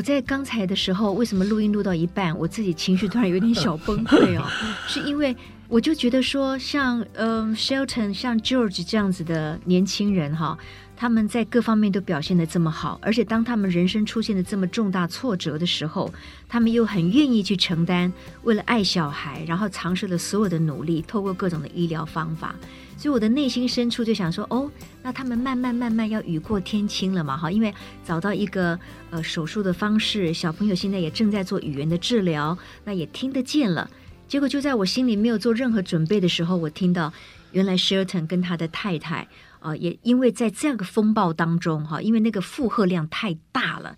我在剛才的時候，為什麼錄音錄到一半，我自己情緒突然有點小崩潰哦？ 是因為我就覺得說像，呃，嗯，Shelton，像 George 這樣子的年輕人哈，他們在各方面都表現得這麼好，而且當他們人生出現了這麼重大挫折的時候，他們又很願意去承擔，為了愛小孩，然後嘗試了所有的努力，透過各種的醫療方法。所以我的內心深處就想說，哦，那他們慢慢慢慢要雨過天晴了嘛，哈，因為找到一個呃手術的方式，小朋友現在也正在做語言的治療，那也聽得見了。結果就在我心裡沒有做任何準備的時候，我聽到原來斯敦跟他的太太啊、呃，也因為在這樣的風暴當中，哈，因為那個負荷量太大了，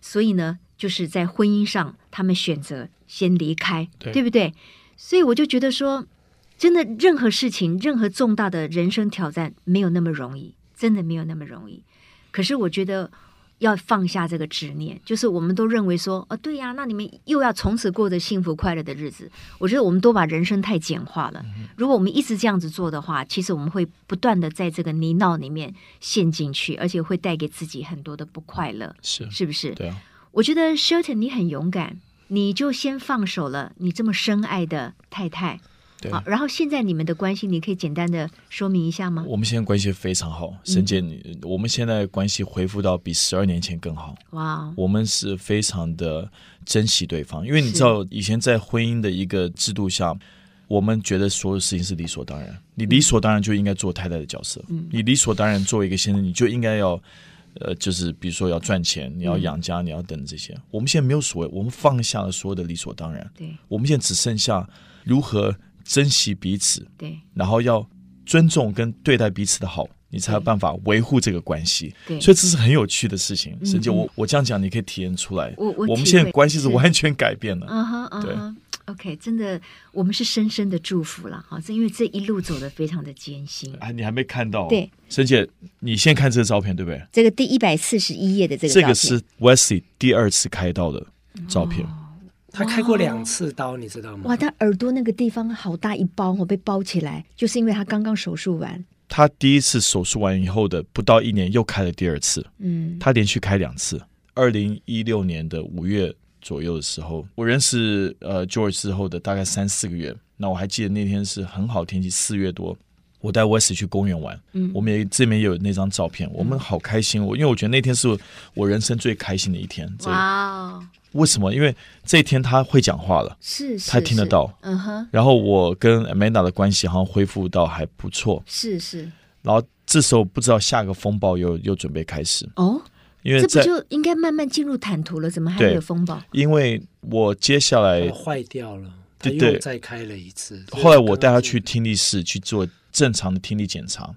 所以呢，就是在婚姻上他們選擇先離開，對，對不對？所以我就覺得說。真的，任何事情，任何重大的人生挑戰，沒有那麼容易，真的沒有那麼容易。可是，我覺得要放下這個執念，就是我們都認為說，哦，對呀，那你們又要從此過着幸福快樂的日子。我覺得我們都把人生太簡化了。嗯哼。如果我們一直這樣子做的話，其實我們會不斷的在這個泥淖裡面陷進去，而且會帶給自己很多的不快樂，是是不是？對啊。我覺得 Shirton，你很勇敢，你就先放手了，你這麼深愛的太太。好對、哦，然後現在你們的關係，你可以簡單的說明一下嗎？我們現在關係非常好，沈姐、嗯，我們現在關係恢復到比十二年前更好。哇、哦，我們是非常的珍惜對方，因為你知道，以前在婚姻的一個制度下，是我們覺得所有事情是理所當然，嗯、你理所當然就應該做太太的角色，嗯、你理所當然作為一個先生，你就應該要，呃，就是比如說要賺錢，你要養家，嗯、你要等這些。我們現在沒有所謂，我們放下了所有的理所當然，對，我們現在只剩下如何。珍惜彼此，對，然後要尊重跟對待彼此的好，你才有辦法維護這個關係。對，所以這是很有趣的事情。沈姐，我我這樣講，你可以體驗出來。我我們現在關係是完全改變了。嗯哼，對。OK，真的，我們是深深的祝福了。哈，這因為這一路走得非常的艱辛。哎，你還沒看到？對，沈姐，你先看這個照片，對不對？這個第一百四十一頁的這個，這個是 Wesley 第二次開到的照片。他開過兩次刀，哦、你知道嗎？哇，他耳朵那個地方好大一包，我被包起來，就是因為他剛剛手術完。他第一次手術完以後的不到一年，又開了第二次。嗯，他連續開兩次。二零一六年的五月左右的時候，我認識呃 George 之後的大概三四個月，那我還記得那天是很好天氣，四月多，我帶 Wesley 我去公園玩。嗯，我們也這邊也有那張照片，我們好開心。我、嗯、因為我覺得那天是我人生最開心的一天。哇、哦。為什麼？因為這一天他會講話了，是，是，是，他聽得到，嗯哼。然後我跟 Amanda 的關係好像恢復到還不錯，是是。然後這時候不知道下個風暴又又準備開始哦，因為這不就應該慢慢進入坦途了？怎麼還沒有風暴？因為我接下來壞掉了，對對，再開了一次。對對後來我帶他去聽力室去做正常的聽力檢查，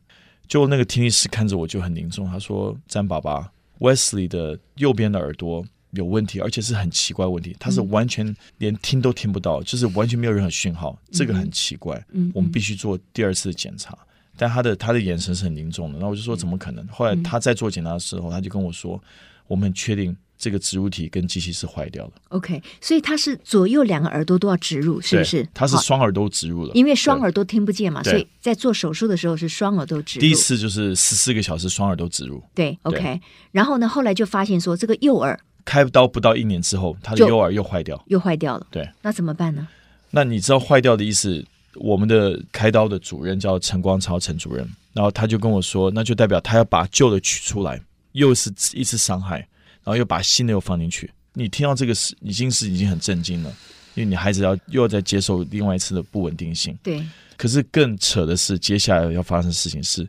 就那個聽力師看着我就很凝重，他說：“詹爸爸，Wesley 的右邊的耳朵。”有問題，而且是很奇怪問題，他是完全連聽都聽不到，就是完全沒有任何訊號，這個很奇怪。嗯，我們必須做第二次檢查。但他的他的眼神是很凝重的，然後我就說怎麼可能？後來他在做檢查的時候，他就跟我說，我們很確定這個植入體跟機器是壞掉了。OK，所以他是左右兩個耳朵都要植入，是不是？他是雙耳都植入了，因為雙耳都聽不見嘛，所以在做手術的時候是雙耳都植入。第一次就是十四個小時雙耳都植入。對，OK。然後呢，後來就發現說這個右耳。開刀不到一年之後，他的右耳又壞掉，又壞掉了。對，那怎麼辦呢？那你知道壞掉的意思？我們的開刀的主任叫陳光超，陳主任，然後他就跟我說，那就代表他要把舊的取出來，又是一次傷害，然後又把新的又放進去。你聽到這個是已經是，已經，是已經很震驚了，因為你孩子要又在接受另外一次的不穩定性。對，可是更扯的是，接下來要發生的事情是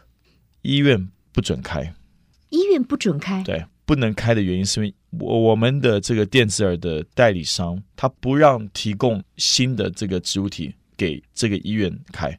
醫院不准開，醫院不准開，准開，對。不能開的原因是因為，我我們的這個電子耳的代理商，他不讓提供新的這個植物體給這個醫院開，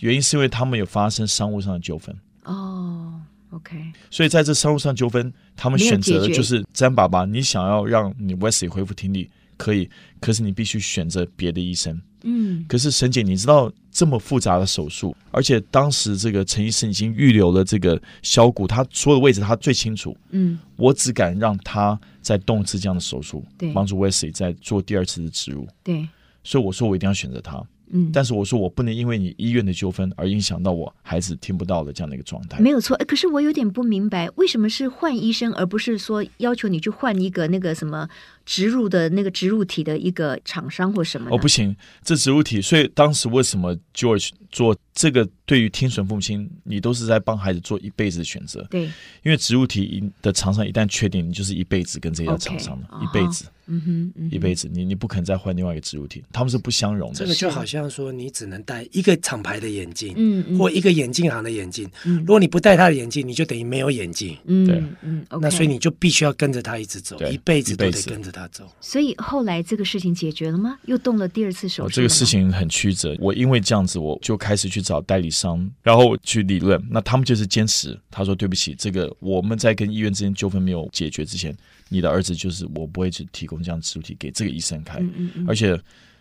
原因是因為他們有發生商務上的糾紛。哦，oh, OK。所以在這商務上糾紛，他們選擇就是詹爸爸，你想要讓你 Wesley 恢復聽力。可以，可是你必須選擇別的醫生。嗯，可是沈姐，你知道這麼複雜的手術，而且當時這個陳醫生已經預留了這個削骨，他所有的位置他最清楚。嗯，我只敢讓他再動一次這樣的手術，幫對助 Wesley 再做第二次的植入。對，所以我說我一定要選擇他。嗯，但是我說我不能因為你醫院的糾紛而影響到我孩子聽不到的這樣的一個狀態。沒有錯。欸，可是我有點不明白，為什麼是換醫生，而不是說要求你去換一個那個什麼植入的那個植入體的一個廠商或什麼？哦，不行，這植入體，所以當時為什麼 George 做這個？對於聽損父親，你都是在幫孩子做一輩子的選擇。對，因為植入體的廠商一旦確定，你就是一輩子跟這個廠商了，Okay, uh-huh. 一輩子。嗯哼，mm hmm, mm hmm. 一輩子，你你不可能再換另外一個植入體，他們是不相容的。這個就好像說，你只能戴一個廠牌的眼鏡，啊、或一個眼鏡行的眼鏡。Mm hmm. 如果你不戴他的眼鏡，你就等於沒有眼鏡。嗯嗯，那所以你就必須要跟着他一直走，對一輩子都得跟着他走。所以後來這個事情解決了嗎？又動了第二次手術。哦、嗎這個事情很曲折。我因為這樣子，我就開始去找代理商，然後去理論。那他們就是堅持，他說：“對不起，這個我們在跟醫院之間糾紛沒有解決之前。”你的兒子就是，我不會去提供這樣植入體給這個醫生開。嗯嗯嗯，而且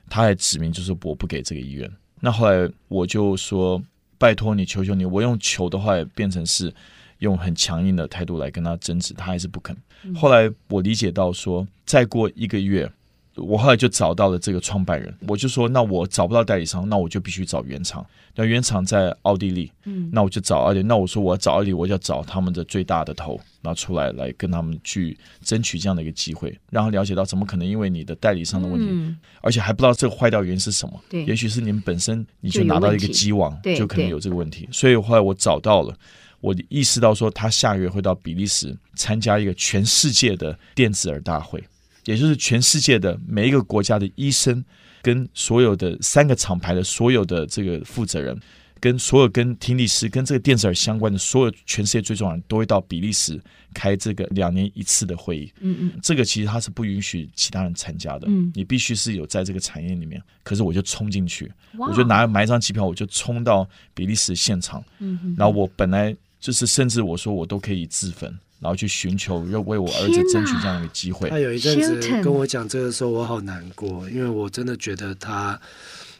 他還指明就是我不給這個醫院。那後來我就說拜託你，求求你，我用求的話也變成是用很強硬的態度來跟他爭執，他還是不肯。嗯、後來我理解到說，再過一個月。我後來就找到了這個創辦人，我就說：那我找不到代理商，那我就必須找原廠。那原廠在奧地利，嗯，那我就找奧地利。嗯、那我說我要找奧地利，我就要找他們的最大的頭，拿出來來跟他們去爭取這樣的一個機會，讓他了解到怎麼可能因為你的代理商的問題，嗯、而且還不知道這個壞掉原因是什麼？嗯、也許是你們本身你就拿到一個機王，就，就可能有這個問題。所以後來我找到了，我意識到說他下月會到比利時參加一個全世界的電子耳大會。也就是全世界的每一個國家的醫生，跟所有的三個廠牌的所有的這個負責人，跟所有跟聽力師跟這個電子耳相關的所有全世界最重要人都會到比利時開這個兩年一次的會議。嗯嗯，這個其實他是不允許其他人參加的。你必須是有在這個產業裡面。可是我就衝進去，我就拿買一張機票，我就衝到比利時現場。嗯嗯，然後我本來就是，甚至我說我都可以自焚。然後去尋求，要為我兒子爭取這樣一個機會。天哪，他有一陣子跟我講這個時候，我好難過，因為我真的覺得他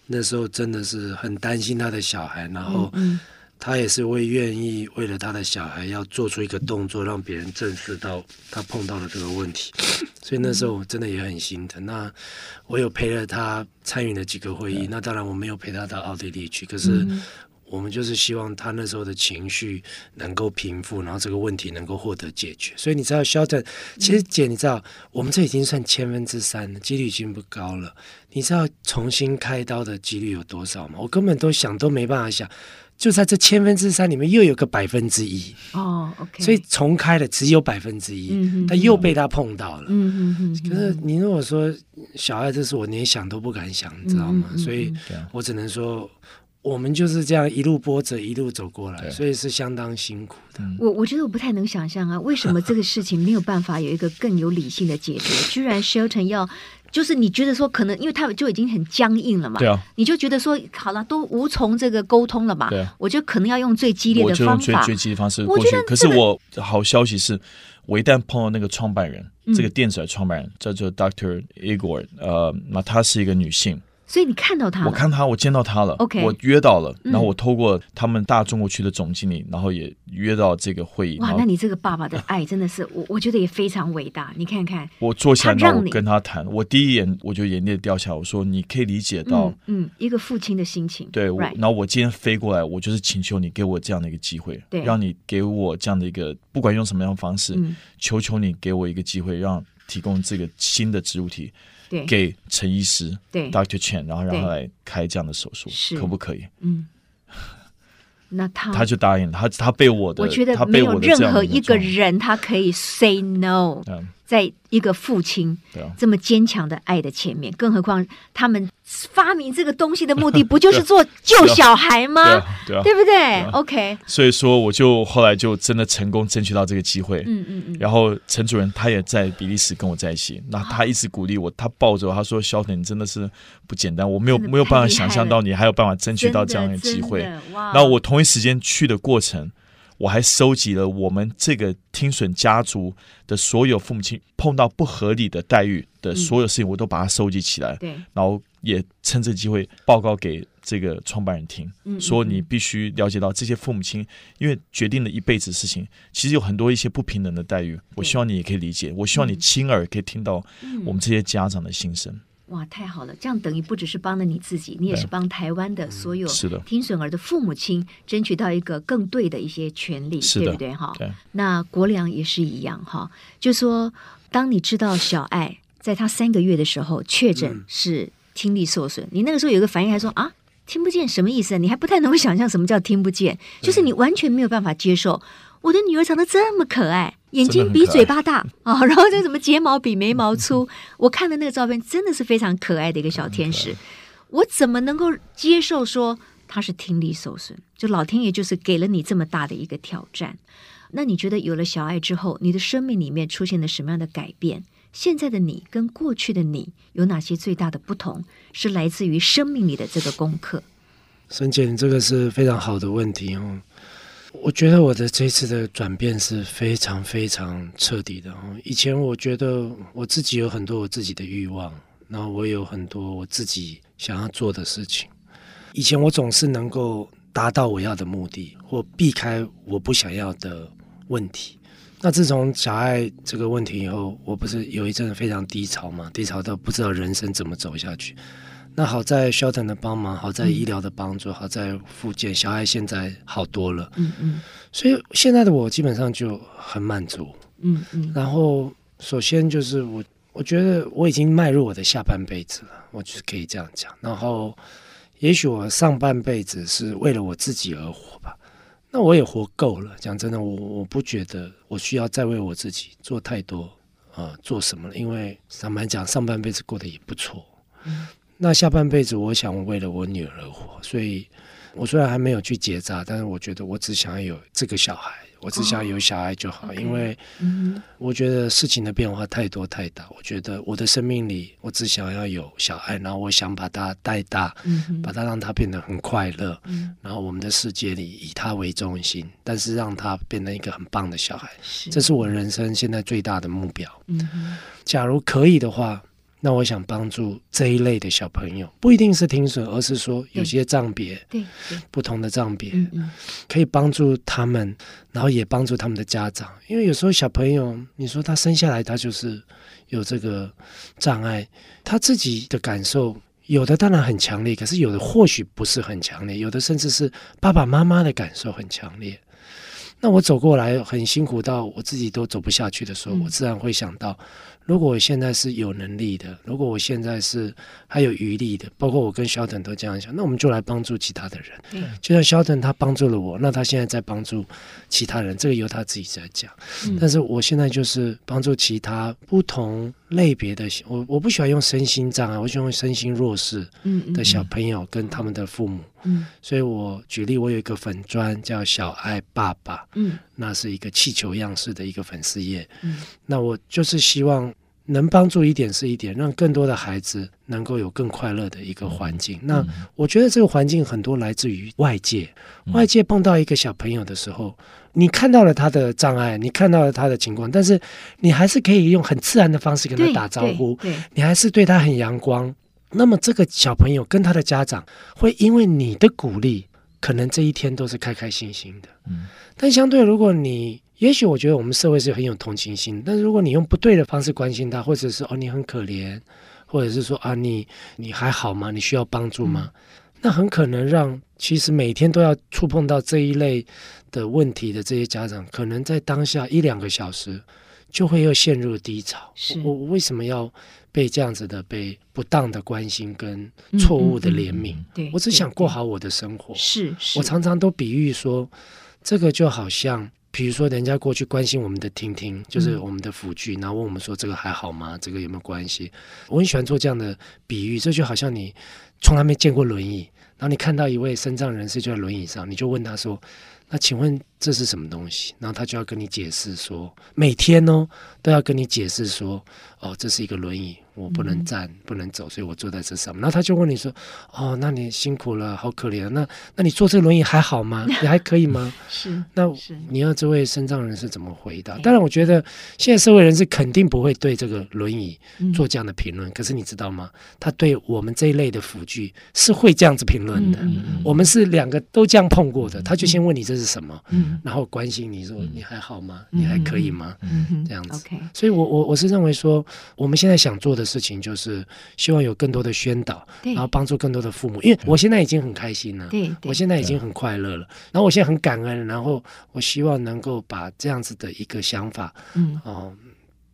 那時候真的是很擔心他的小孩，然後他也是會願意為了他的小孩，要做出一個動作，讓別人正視到他碰到了這個問題。所以那時候我真的也很心疼。那我有陪了他參與了幾個會議，那當然我沒有陪他到奧地利去，可是、嗯。我們就是希望他那時候的情緒能夠平復，然後這個問題能夠獲得解決。所以你知道，肖戰其實姐，你知道，嗯、我們這已經算千分之三了，幾率已經不高了。你知道重新開刀的幾率有多少嗎？我根本都想都沒辦法想。就在這千分之三裡面，又有個百分之一哦、okay、所以重開的只有百分之一，他、嗯、哼又被他碰到了。嗯嗯、可是你如果說小愛，這是我連想都不敢想，你知道嗎？嗯、哼所以，樣我只能說。我們就是這樣一路波折一路走過來，對所以是相當辛苦的。我我覺得我不太能想象啊，為什麼這個事情沒有辦法有一個更有理性的解決？ 居然 Shelton 要，就是你覺得說可能，因為他們就已經很僵硬了嘛，對啊，你就覺得說好了都無從這個溝通了嘛，對啊，我覺得可能要用最激烈的方法，最，最激烈方式過去。這個、可是我好消息是，我一旦碰到那個創辦人，嗯、這個電子的創辦人叫做 Doctor Igor，呃，那她是一個女性。所以你看到他，我看他，我見到他了。OK，我約到了，然後我透過他們大中國區的總經理，然後也約到這個會議。哇，那你這個爸爸的愛真的是，我我覺得也非常偉大。你看看，我坐下來跟他談，我第一眼我就眼淚掉下。我說，你可以理解到，嗯，一個父親的心情。對，然後我今天飛過來，我就是請求你給我這樣的一個機會，讓你給我這樣的一個，不管用什麼樣的方式，求求你給我一個機會讓。提供這個新的植物體對給陳醫師，對 Doctor Chen，然後讓他來開這樣的手術，對可不可以？嗯， 那他他就答應了，他被我的，我覺得沒有他被我的的任何一個人他可以 say no。嗯在一個父親這麼堅強的愛的前面，啊、更何況他們發明這個東西的目的不就是做救小孩嗎？對、啊對，啊對，啊、對不對，對嗎？OK。所以說，我就後來就真的成功爭取到這個機會。嗯嗯嗯。然後陳主任他也在比利時跟我在一起，嗯嗯，那他一直鼓勵我，他抱着我他說：“小詹，啊，你真的是不簡單，我沒有沒有辦法想象到你還有辦法爭取到這樣的機會。”那我同一時間去的過程。我還收集了我們這個聽損家族的所有父母親碰到不合理的待遇的所有事情，我都把它收集起來，然後也趁這機會報告給這個創辦人聽，說你必須了解到這些父母親，因為決定了一輩子事情，其實有很多一些不平等的待遇，我希望你也可以理解，我希望你親耳可以聽到我們這些家長的心聲。哇，太好了！這樣等於不只是幫了你自己，你也是幫台灣的所有聽損兒的父母親爭取到一個更對的一些權利，的對不對？哈對，那國良也是一樣哈。就說當你知道小愛在他三個月的時候確診是聽力受損，嗯、你那個時候有個反應，還說啊，聽不見什麼意思？你還不太能夠想象什麼叫聽不見，就是你完全沒有辦法接受。我的女兒長得這麼可愛，眼睛比嘴巴大啊，哦，然後這什麼睫毛比眉毛粗， 嗯、哼我看的那個照片真的是非常可愛的一個小天使。嗯、哼我怎麼能夠接受說她是聽力受損？就老天爺就是給了你這麼大的一個挑戰。那你覺得有了小愛之後，你的生命裡面出現了什麼樣的改變？現在的你跟過去的你有哪些最大的不同？是來自於生命裡的這個功課？孫姐，你這個是非常好的問題哦。我覺得我的這次的轉變是非常非常徹底的。以前我覺得我自己有很多我自己的慾望，然後我有很多我自己想要做的事情。以前我總是能夠達到我要的目的，或避開我不想要的問題。那自從小愛這個問題以後，我不是有一陣子非常低潮嘛？低潮到不知道人生怎麼走下去。那好在肖騰的幫忙，好在醫療的幫助，嗯、好在復健，小愛現在好多了。嗯嗯，嗯所以現在的我基本上就很滿足。嗯嗯，嗯然後首先就是我，我覺得我已經邁入我的下半輩子了，我就是可以這樣講。然後，也許我上半輩子是為了我自己而活吧。那我也活夠了。講真的，我我不覺得我需要再為我自己做太多啊，呃，做什麼了，因為坦白講，上半輩子過得也不錯。嗯。那下半輩子，我想為了我女兒而活，所以，我雖然還沒有去結紮，但是我覺得我只想要有這個小孩，我只想要有小孩就好，哦、因為我覺得事情的變化太多太大，我覺得我的生命裡，我只想要有小孩，然後我想把她帶大，嗯、哼把她讓她變得很快樂，嗯、然後我們的世界裡以她為中心，但是讓她變成一個很棒的小孩，行這是我人生現在最大的目標。嗯、哼假如可以的話。那我想幫助這一類的小朋友，不一定是聽損，而是說有些障別，不同的障別，嗯嗯，可以幫助他們，然後也幫助他們的家長。因為有時候小朋友，你說他生下來他就是有這個障礙，他自己的感受有的當然很強烈，可是有的或許不是很強烈，有的甚至是爸爸媽媽的感受很強烈。那我走過來很辛苦到我自己都走不下去的時候，我自然會想到。嗯。如果我現在是有能力的，如果我現在是還有餘力的，包括我跟斯敦都這樣想，那我們就來幫助其他的人。對就像斯敦他幫助了我，那他現在在幫助其他人，這個由他自己在講。嗯、但是我現在就是幫助其他不同類別的，我我不喜歡用身心障礙，我喜歡用身心弱勢的小朋友跟他們的父母。所以我舉例，我有一個粉專叫小愛爸爸。那是一個氣球樣式的一個粉絲頁。那我就是希望。能幫助一點是一點，讓更多的孩子能夠有更快樂的一個環境。那我覺得這個環境很多來自於外界，嗯、外界碰到一個小朋友的時候，嗯、你看到了他的障礙，你看到了他的情況，但是你還是可以用很自然的方式跟他打招呼，你還是對他很陽光。那麼這個小朋友跟他的家長會因為你的鼓勵，可能這一天都是開開心心的。嗯、但相對如果你。也許我覺得我們社會是很有同情心，但是如果你用不對的方式關心他，或者是哦，你很可憐，或者是說啊，你你還好嗎？你需要幫助嗎？嗯、那很可能讓其實每天都要觸碰到這一類的問題的這些家長，可能在當下一兩個小時就會又陷入低潮。是我，我為什麼要被這樣子的被不當的關心跟錯誤的憐憫？嗯嗯嗯，我只想過好我的生活。是，是，我常常都比喻說，這個就好像。比如說，人家過去關心我們的聽聽，就是我們的輔具，嗯，然後問我們說這個還好嗎？這個有沒有關係？我很喜歡做這樣的比喻，這就好像你。從來沒見過輪椅，然後你看到一位身障人士就在輪椅上，你就問他說：“那請問這是什麼東西？”然後他就要跟你解釋說：“每天哦，都要跟你解釋說，哦，這是一個輪椅，我不能站，不能走，所以我坐在這上面。嗯”然後他就問你說：“哦，那你辛苦了，好可憐。那那你坐這個輪椅還好嗎？你 還可以嗎？” 是，那是你要這位身障人士怎麼回答？哎、當然，我覺得現在社會人士肯定不會對這個輪椅做這樣的評論。嗯、可是你知道嗎？他對我們這一類的是會這樣子評論的。我們是兩個都這樣碰過的。他就先問你這是什麼，然後關心你說，你還好嗎？你還可以嗎？這樣子。所以，我我我是認為說，我們現在想做的事情就是希望有更多的宣導，然後幫助更多的父母。因為我現在已經很開心了，對，我現在已經很快樂了。然後我現在很感恩，然後我希望能夠把這樣子的一個想法，嗯，哦，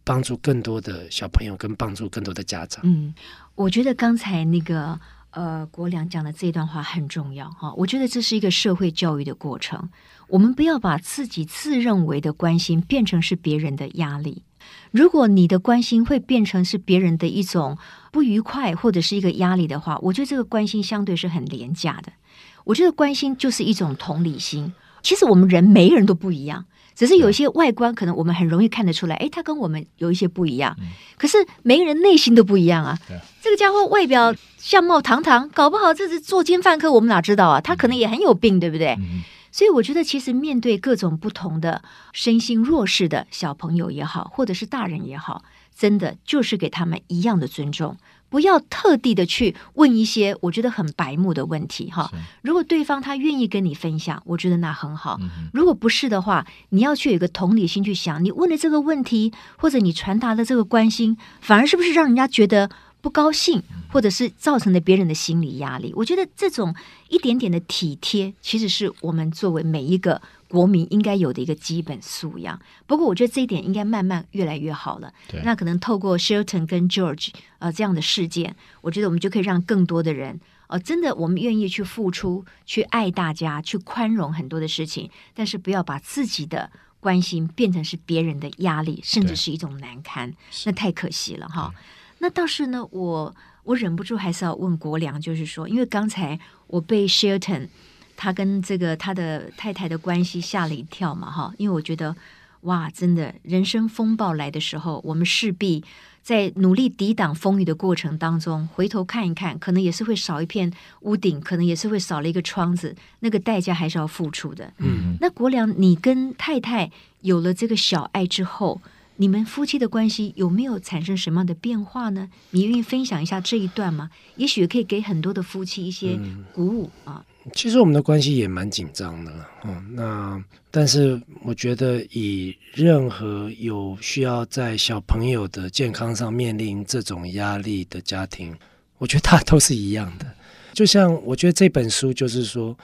幫助更多的小朋友，跟幫助更多的家長。嗯，我覺得剛才那個。呃，國樑講的這段話很重要哈。我覺得這是一個社會教育的過程。我們不要把自己自認為的關心變成是別人的壓力。如果你的關心會變成是別人的一種不愉快或者是一個壓力的話，我覺得這個關心相對是很廉價的。我覺得關心就是一種同理心。其實我們人每個人都不一樣，只是有一些外觀可能我們很容易看得出來，哎 Yeah.、欸，他跟我們有一些不一樣。Mm. 可是每個人內心都不一樣啊。Yeah. 這個家伙外表相貌堂堂，搞不好這是作奸犯科，我們哪知道啊？他可能也很有病，對不對？嗯、哼所以我覺得，其實面對各種不同的身心弱勢的小朋友也好，或者是大人也好，真的就是給他們一樣的尊重，不要特地的去問一些我覺得很白目的問題。哈，是如果對方他願意跟你分享，我覺得那很好；嗯、哼如果不是的話，你要去有一個同理心去想，你問的這個問題，或者你傳達的這個關心，反而是不是讓人家覺得？不高興，或者是造成了別人的心理壓力，嗯、我覺得這種一點點的體貼，其實是我們作為每一個國民應該有的一個基本素養。不過，我覺得這一點應該慢慢越來越好了。對那可能透過 Shelton 跟 George 啊、呃、這樣的事件，我覺得我們就可以讓更多的人呃真的我們願意去付出，去愛大家，去寬容很多的事情，但是不要把自己的關心變成是別人的壓力，對甚至是一種難堪，是那太可惜了、嗯、哈。那倒是呢，我我忍不住還是要問國良，就是說，因為剛才我被希爾 n 他跟這個他的太太的關係嚇了一跳嘛，哈，因為我覺得哇，真的人生風暴來的時候，我們勢必在努力抵擋風雨的過程當中，回頭看一看，可能也是會少一片屋頂，可能也是會少了一個窗子，那個代價還是要付出的。嗯，那國良，你跟太太有了這個小愛之後。你們夫妻的關係有沒有產生什麼樣的變化呢？你願意分享一下這一段嗎？也許可以給很多的夫妻一些鼓舞啊，嗯。其實我們的關係也蠻緊張的了，嗯，那但是我覺得以任何有需要在小朋友的健康上面臨這種壓力的家庭，我覺得他都是一樣的。就像我覺得這本書就是說。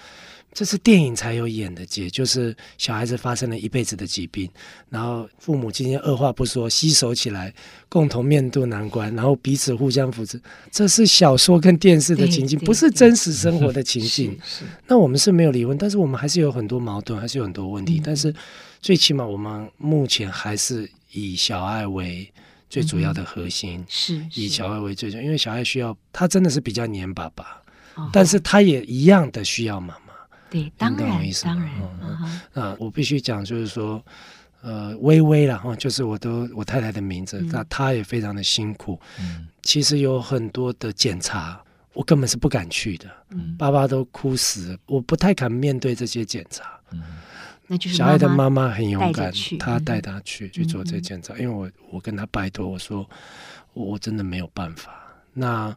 這是電影才有演的節，節就是小孩子發生了一輩子的疾病，然後父母今天二話不說攜手起來，共同面對難關，然後彼此互相扶持。這是小說跟電視的情景，不是真實生活的情境。嗯、那我們是沒有離婚，但是我們還是有很多矛盾，還是有很多問題。嗯、但是最起碼我們目前還是以小愛為最主要的核心，嗯嗯、是，以小愛為最重，因為小愛需要他真的是比較黏爸爸，哦、但是他也一樣的需要媽媽。對，當然，當然啊，嗯、我必須講，就是說，呃，薇薇啦哈，就是我都我太太的名字，那、嗯、她也非常的辛苦，嗯，其實有很多的檢查，我根本是不敢去的，嗯，爸爸都哭死，我不太敢面對這些檢查，嗯，那就是小愛的媽媽很勇敢，去她帶他去、嗯、去做這些檢查，因為我我跟她拜託我說，我真的沒有辦法，那。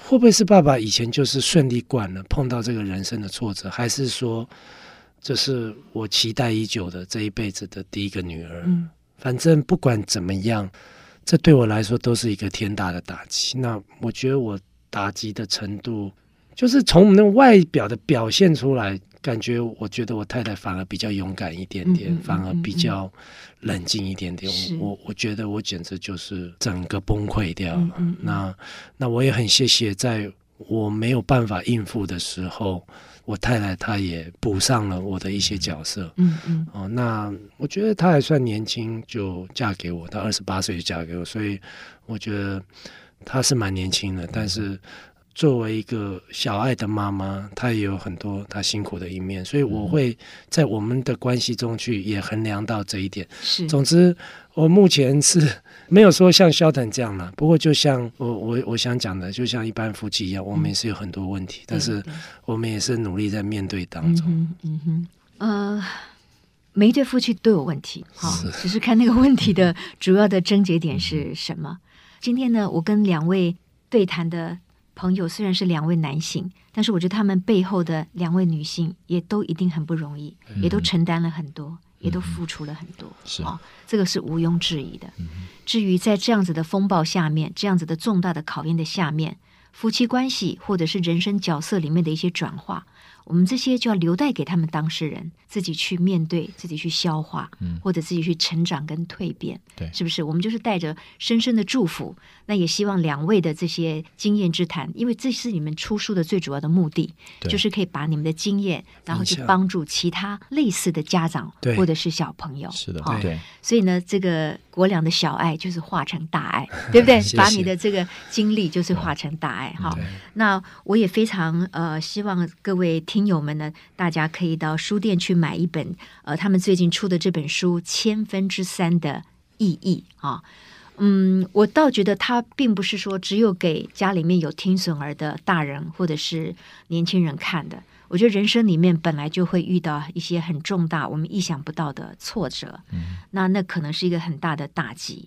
會不會是爸爸以前就是順利慣了，碰到這個人生的挫折，還是說這是我期待已久的這一輩子的第一個女兒？嗯，反正不管怎麼樣，這對我來說都是一個天大的打擊。那我覺得我打擊的程度，就是從那個外表的表現出來。感覺我覺得我太太反而比較勇敢一點點，嗯嗯，反而比較冷靜一點點。是。我我覺得我簡直就是整個崩潰掉了。嗯嗯。那那我也很謝謝，在我沒有辦法應付的時候，我太太她也補上了我的一些角色。嗯嗯。哦，那我覺得她還算年輕，就嫁給我，她二十八歲就嫁給我，所以我覺得她是蠻年輕的，但是。作為一個小愛的媽媽，她也有很多她辛苦的一面，所以我會在我們的關係中去也衡量到這一點。是，總之我目前是沒有說像肖坦這樣嘛，不過就像我我我想講的，就像一般夫妻一樣，嗯、我們也是有很多問題，但是我們也是努力在面對當中。對對嗯哼嗯哼，呃，每一對夫妻都有問題，好、哦，是只是看那個問題的主要的症結點是什麼。嗯哼，今天呢，我跟兩位對談的。朋友雖然是兩位男性，但是我覺得他們背後的兩位女性也都一定很不容易，也都承擔了很多，嗯、也都付出了很多。嗯哦、是啊，這個是毋庸置疑的。至於在這樣子的風暴下面，這樣子的重大的考驗的下面，夫妻關係或者是人生角色裡面的一些轉化。我們這些就要留待給他們當事人自己去面對，自己去消化，嗯，或者自己去成長跟蛻變，嗯、對，是不是？我們就是帶着深深的祝福，那也希望兩位的這些經驗之談，因為這是你們出書的最主要的目的，對就是可以把你們的經驗，然後去幫助其他類似的家長對或者是小朋友，是的，哦、對。所以呢，這個國樑的小愛就是化成大愛， 對不對？謝謝把你的這個經歷就是化成大愛，哈對。好嗯、那我也非常呃，希望各位聽。朋友們呢，大家可以到書店去買一本，呃，他們最近出的這本書《千分之三的意義》啊，嗯，我倒覺得它並不是說只有給家裡面有聽損兒的大人或者是年輕人看的。我覺得人生裡面本來就會遇到一些很重大、我們意想不到的挫折，嗯、那那可能是一個很大的打擊。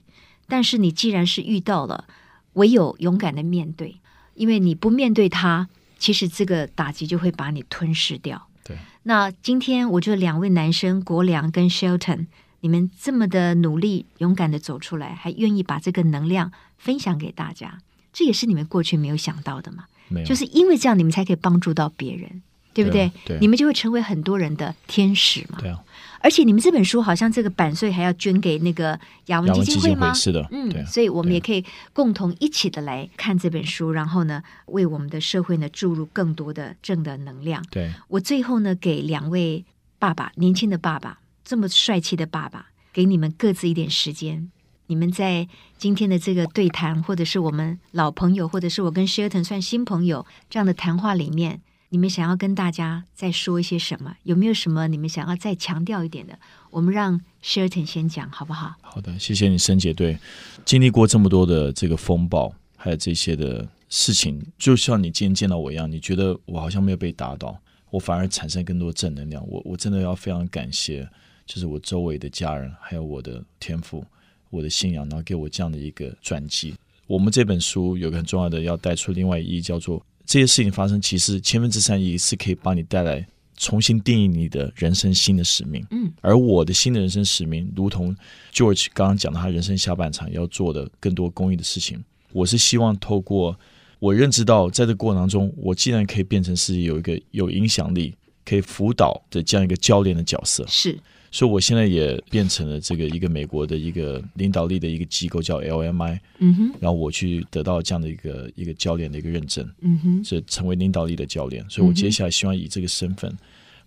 但是你既然是遇到了，唯有勇敢的面對，因為你不面對它，其實這個打擊就會把你吞噬掉。對，那今天我覺得兩位男生國樑跟 Shelton，你們這麼的努力、勇敢的走出來，還願意把這個能量分享給大家，這也是你們過去沒有想到的嘛？沒有，就是因為這樣，你們才可以幫助到別人。對不對？對啊對啊、你們就會成為很多人的天使嘛。對啊。而且你們這本書好像這個版稅還要捐給那個雅文基金會嗎？是的。嗯。對啊、所以我們也可以共同一起的來看這本書，啊啊、然後呢，為我們的社會呢注入更多的正的能量。對、啊。我最後呢，給兩位爸爸，年輕的爸爸，這麼帥氣的爸爸，給你們各自一點時間。你們在今天的這個對談，或者是我們老朋友，或者是我跟 Sheldon 算新朋友這樣的談話裡面，你們想要跟大家再說一些什麼？有沒有什麼你們想要再強調一點的？我們讓 Shirton 先講好不好？好的，謝謝你，沈姐。對，經歷過這麼多的這個風暴，還有這些的事情，就像你今天見到我一樣，你覺得我好像沒有被打倒，我反而產生更多正能量。我我真的要非常感謝，就是我周圍的家人，還有我的天賦、我的信仰，然後給我這樣的一個轉機。我們這本書有個很重要的要帶出，另外一叫做。這些事情發生，其實千分之三也是可以幫你帶來重新定義你的人生新的使命。嗯，而我的新的人生使命，如同 George 剛剛講的，他人生下半場要做的更多公益的事情，我是希望透過我認知到，在這過程當中，我既然可以變成是有一個有影響力、可以輔導的這樣一個教練的角色，是。所以我現在也變成了這個一個美國的一個領導力的一個機構叫 LMI，嗯哼，然後我去得到這樣的一個一個教練的一個認證，嗯哼，是成為領導力的教練。所以，我接下來希望以這個身份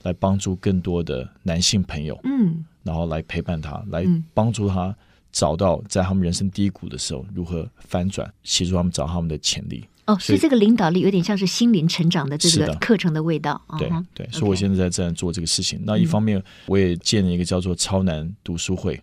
來幫助更多的男性朋友，嗯，然後來陪伴他，來幫助他找到在他們人生低谷的時候如何翻轉，協助他們找到他們的潛力。哦，oh, 所以這個領導力有點像是心靈成長的這個課程的味道啊。對，對，Okay. 所以我現在在做這個事情。那一方面，我也建了一個叫做“超男讀書會”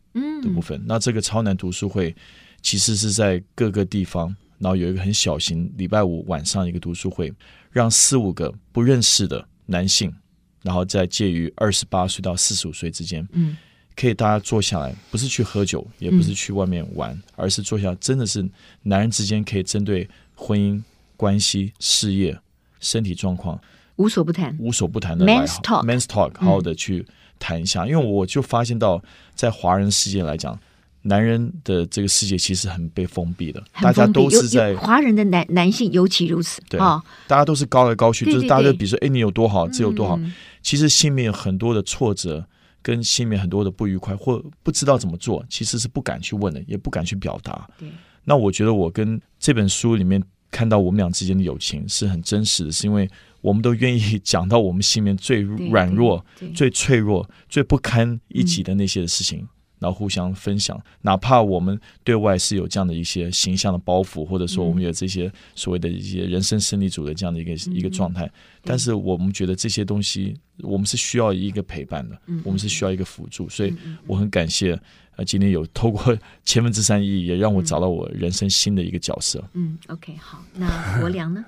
的部分。嗯、那這個“超男讀書會”其實是在各個地方，然後有一個很小型禮拜五晚上一個讀書會，讓四五個不認識的男性，然後在介於二十八歲到四十五歲之間，嗯，可以大家坐下來，不是去喝酒，也不是去外面玩，嗯、而是坐下，真的是男人之間可以針對婚姻。關係、事業、身體狀況，無所不談，無所不談的 men's talk，men's talk，好好的去談一下。嗯、因為我就發現到，在華人世界來講，男人的這個世界其實很被封閉的，很封閉，大家都是在華人的男男性尤其如此。對、哦、大家都是高來高去，對對對，就是大家比如說，哎，你有多好，這有多好，嗯、其實心裡有很多的挫折，跟心裡有很多的不愉快，或不知道怎麼做，其實是不敢去問的，也不敢去表達。對，那我覺得我跟這本書裡面。看到我們倆之間的友情是很真實的，是因為我們都願意講到我們心裡面最軟弱、最脆弱、最不堪一擊的那些的事情，然後互相分享。哪怕我們對外是有這樣的一些形象的包袱，或者說我們有這些所謂的一些人生勝利組的這樣的一個一個狀態，但是我們覺得這些東西，我們是需要一個陪伴的，我們是需要一個輔助，所以我很感謝。啊，今天有透過千分之三億，也讓我找到我人生新的一個角色。嗯, 嗯，OK，好，那國樑呢？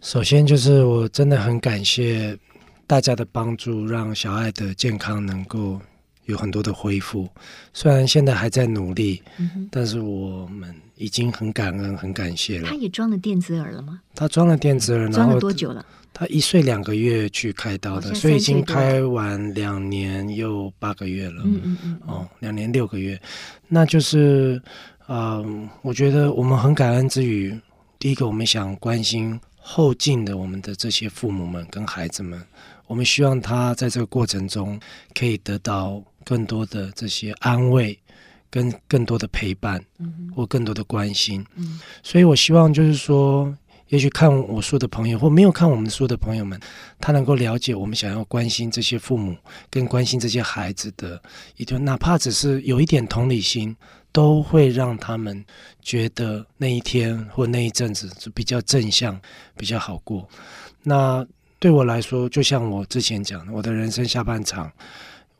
首先就是我真的很感謝大家的幫助，讓小愛的健康能夠。有很多的恢復，雖然現在還在努力，嗯哼，但是我們已經很感恩、很感謝了。他也裝了電子耳了嗎？他裝了電子耳，嗯，然後，裝了多久了？他一歲兩個月去開刀的，所以已經開完兩年又八個月了。嗯嗯，嗯嗯，哦，兩年六個月，那就是，嗯、呃，我覺得我們很感恩之餘，第一個我們想關心後進的我們的這些父母們跟孩子們，我們希望他在這個過程中可以得到。更多的這些安慰，跟更多的陪伴，嗯、哼或更多的關心，嗯、哼所以我希望就是說，也許看我書的朋友，或沒有看我們書的朋友們，他能夠了解我們想要關心這些父母，更關心這些孩子的一段，哪怕只是有一點同理心，都會讓他們覺得那一天或那一陣子是比較正向，比較好過。那對我來說，就像我之前講的，我的人生下半場。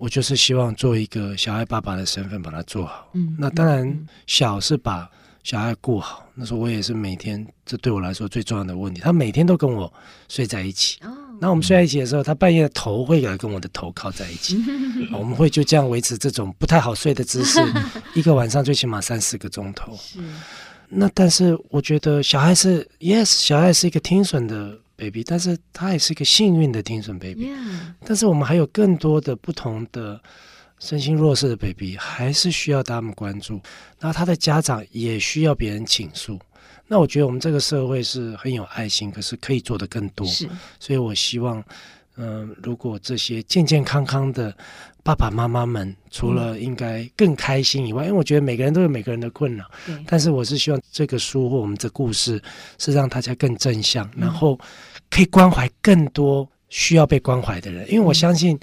我就是希望做一個小孩爸爸的身份把它做好。嗯，那當然小是把小孩顧好。嗯、那時候我也是每天，這對我來說最重要的問題。他每天都跟我睡在一起。哦，那我們睡在一起的時候，嗯、他半夜的頭會來跟我的頭靠在一起。嗯、我們會就這樣維持這種不太好睡的姿勢，嗯、一個晚上最起碼三四個鐘頭。是。那但是我覺得小孩是，yes，小孩是一個聽損的。baby，但是他也是一個幸運的聽損 baby。Yeah. 但是我們還有更多的不同的身心弱勢的 baby，還是需要他們關注。那他的家長也需要別人傾訴。那我覺得我們這個社會是很有愛心，可是可以做得更多。是，所以我希望，嗯、呃，如果這些健健康康的爸爸媽媽們，除了應該更開心以外，嗯、因為我覺得每個人都有每個人的困擾。對但是我是希望這個書或我們的故事是讓大家更正向，嗯、然後。可以關懷更多需要被關懷的人，因為我相信。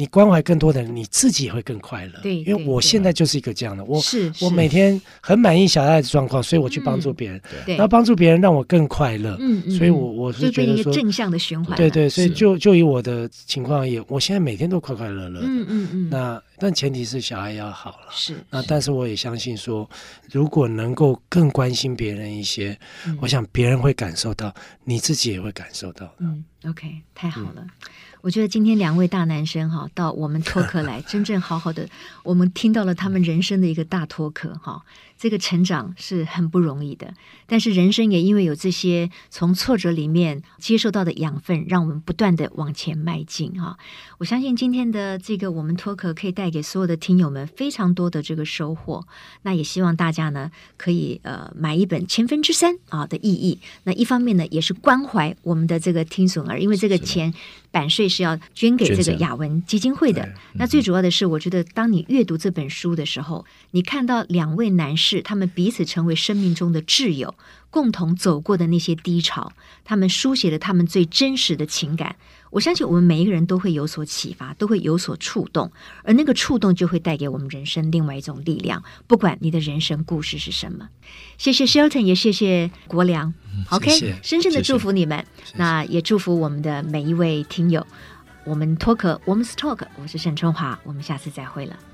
你關懷更多的人，你自己也會更快樂。對，因為我現在就是一個這樣的，我我每天很滿意小孩的狀況，所以我去幫助別人，然後幫助別人讓我更快樂。嗯，所以我我是覺得一個正向的循環。對對，所以就就以我的情況也，我現在每天都快快樂樂，嗯嗯嗯。那但前提是小孩要好了。是。那但是我也相信說，如果能夠更關心別人一些，我想別人會感受到，你自己也會感受到的。嗯，OK，太好了。我覺得今天兩位大男生哈，到我們脫殼、er、來， 真正好好的，我們聽到了他們人生的一個大脫殼哈。這個成長是很不容易的，但是人生也因為有這些從挫折裡面接受到的養分，讓我們不斷的往前邁進啊！我相信今天的這個我們脫殼、er、可以帶給所有的聽友們非常多的這個收穫。那也希望大家呢可以呃買一本《千分之三》啊的意義。那一方面呢，也是關懷我們的這個聽損兒，因為這個錢的版稅是要捐給這個雅文基金會的。嗯、那最主要的是，我覺得當你閱讀這本書的時候，你看到兩位男士。是他們彼此成為生命中的摯友，共同走過的那些低潮，他們書寫了他們最真實的情感。我相信我們每一個人都會有所啟發，都會有所觸動，而那個觸動就會帶給我們人生另外一種力量。不管你的人生故事是什麼，謝謝 Shelton，也謝謝國樑。OK，深深的祝福你們，謝謝那也祝福我們的每一位聽友。謝謝我們脫殼，我們 talk，我是沈春華，我們下次再會了。